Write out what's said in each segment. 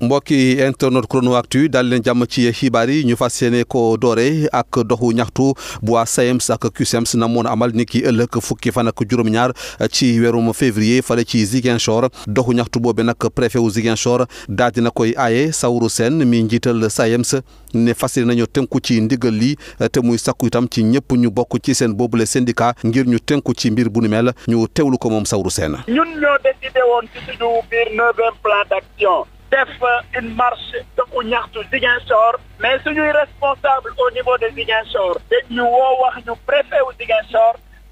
mbokki internet chrono actu daal leen jàmm ci xibaar yi ñu fas yéene ko doore ak doxu ñaxtu bu waa SAEMS ak CUSEMS e na moon amal ni ki ëllëk fukki fan ak juróom-ñaar ci weerum février fale ci Ziguinchor doxu ñaxtu boobe nag préfet wu Ziguinchor daal dina koy aaye Saourou Sène mi njiital SAEMS ne fas yéene nañu tënku ci ndigal li te muy sakku itam ci ñëpp ñu bokk ci seen boobule syndicat ngir ñu tënku ci mbir bu nu mel ñu teewlu ko moom Saourou Sène ñun ñoo def une marche doxu ñaxtu Ziguinchor mais suñuy responsable au niveau de Ziguinchor dañ ñu woo wax ñu préfet wu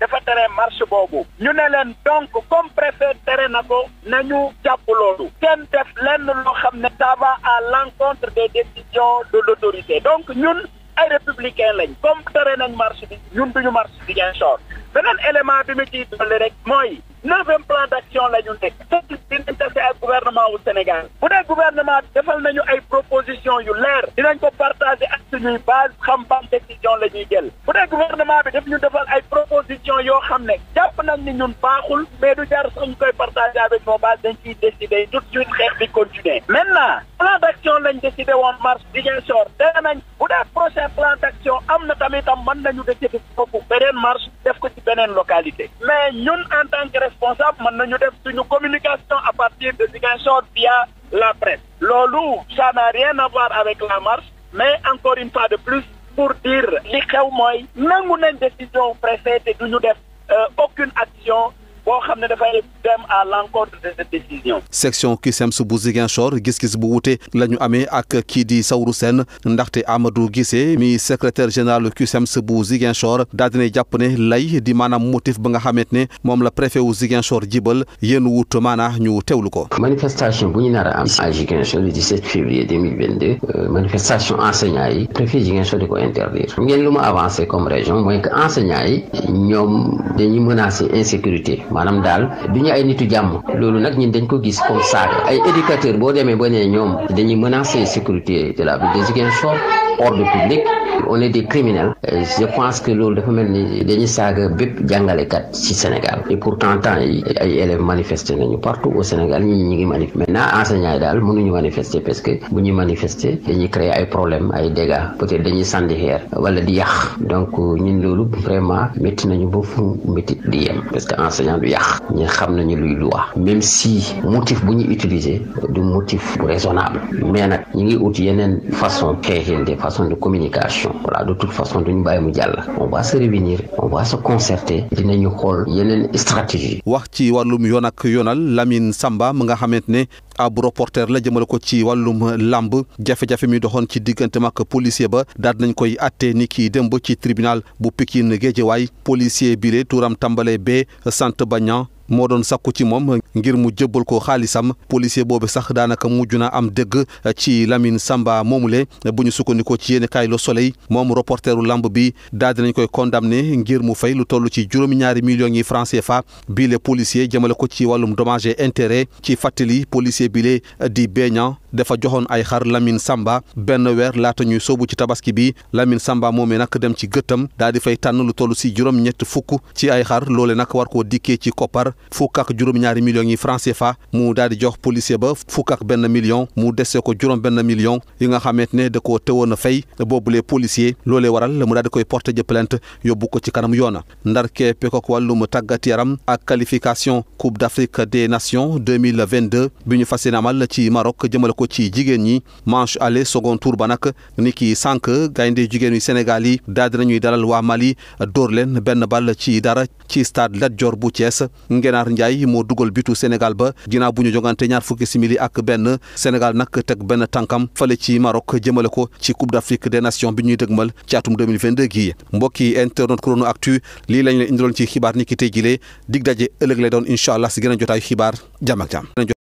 dafa tere marche boobu ñu ne leen donc comme préfet tere na ko na ñu jàpp loolu kenn def lenn loo xam ne ça va à l'encontre des décisions de l'autorité donc ñun ay républicain lañ comme tere nañ marche bi ñun duñu marche Ziguinchor beneen élément bi mu ciy dolli rek mooy neuvième plan d'action la ñu nekk gouvernement wu Sénégal bu dee gouvernement defal nañu ay proposition yu leer dinañ ko partager ak suñuy base xam ban décision la ñuy jël bu dee gouvernement bi daf ñu defal ay proposition yoo xam ne jàpp nañ ni ñun baaxul mais du jar sax ñu koy partager avec nos bases dañ ciy décider tout de suite xeex bi continuer maintenant plan d'action lañ décidé woon mars Ziguinchor dee nañ bu dee prochain plan d'action am na tamitam mën nañu décider def ko ci beneen localité mais ñun en tant que responsable mën nañu def suñu communication à partir Ziguinchor la presse loolu ça n'a rien à avec la marche mais encore une fois de plus pour dire li xew mooy nangu nañ décision préfet te du ñu def euh, aucune action boo xam ne dafay dem à l'encontre de cette décision. section CUSEMS e bu Ziguinchor gis-gis bu wute la ñu amee ak kii di Saourou Sène ndaxte Amadou gise mi secrétaire général CUSEMS e bu Ziguinchor daal dina jàpp ne lay di maanaam motif ba nga xamante ne moom la préfet wu Ziguinchor jibal yéen wut maanaa ñu teewlu ko. manifestation bu ñu nar a am à Ziguinchor le 17 février 2022 euh, manifestation enseignants yi préfet Ziguinchor di ko interdire ngeen lu ma avancé comme région mooy que enseignants yi ñoom dañuy menacer insécurité. maanaam daal du ñu ay nitu jàmm loolu nag ñun dañ ko gis comme saaga ay éducateur boo demee ba ne ñoom dañuy mën menacer sécurité de la ville de Ziguinchor ordre public on est des criminels je pense que loolu dafa mel ni dañuy saaga bépp jàngalekat ci Sénégal et pourtant temps yi ay élèves manifesté nañu partout au Sénégal ñi ñi ngi manif maintenant enseignants yi daal mënuñu manifester parce que bu ñuy manifester dañuy créer ay problèmes ay dégâts peut-être dañuy sànni xeer wala di yàq donc ñun loolu vraiment métti nañu ba fu métti di yem parce que enseignant du yàq ñu xam nañu luy wax même si motif bu ñuy utiliser du motif bu raisonnable mais nag ñu ngi ut yeneen façon xeexin des façons de communication élection voilà de toute façon duñu bàyyi mu jàll on va se réunir on va se concerter dinañu xool yeneen stratégie wax ci wàllum yoon ak yoonal Lamine Samba mu nga xamante ne ab reporter la jëmale ko ci wàllum làmb jafe-jafe mi doxoon ci diggante mag policier ba daal nañ koy àtte ni kii démb ci tribunal bu Pikine Guédiawaye policier bile turam tàmbale ba sant bañan moo doon sakku ci moom ngir mu jëbbal ko xaalisam policier boobu sax daanaka mujj na am dëgg ci Lamine Samba moomule bu ñu sukkandikoo ci yéen kaylo Le Soleil moom reporteru lamb bi daal koy condamné ngir mu fay lu toll ci juróom-ñaari millions yi francs CFA bii le policier jëmale ko ci wàllum dommage et ci fàttali policier bile di Beñan dafa joxoon ay xar Lamine Samba benn weer laata ñuy soobu ci tabaski bi Lamine Samba moomee nag dem ci gëttam daal di fay tànn lu toll si juróom-ñett fukk ci ay xar loole nag war koo dikkee ci koppar fukk ak juróom-ñaari millions yi franc CFA mu daal di jox policier ba fukk ak benn million mu dese ko juróom-benn million yi nga xamante ne da koo teewoon a fay boobule policier loole waral la mu daal di koy porte ji plainte yóbbu ko ci kanam yoona ndar keppe ko wàllum tàggat yaram ak qualification Coupe d'Afrique des Nations 2022 bi ñu ko ci jigéen ñi manche aller second tour ba nag ni ki sànq gaynde jigéen yu Sénégal yi daal di nañuy dalal waa Mali dóor leen benn bal ci dara ci stade Lat Dior bu Thiès Ngenaar Ndiaye moo dugal bitu Sénégal ba ginnaaw bu ñu jogante ñaar fukki simili ak benn senegal nag teg benn tànkam fale ci Maroc jëmale ko ci Coupe d'Afrique des Nations bi ñuy dëgmal ci atum 2022 gii mbokki internet Chrono Actu lii lañ leen indiloon ci xibaar ni ki tey jilee dig daje ëllëg lay doon incha allah si gën a jotaayu xibaar jàmm ak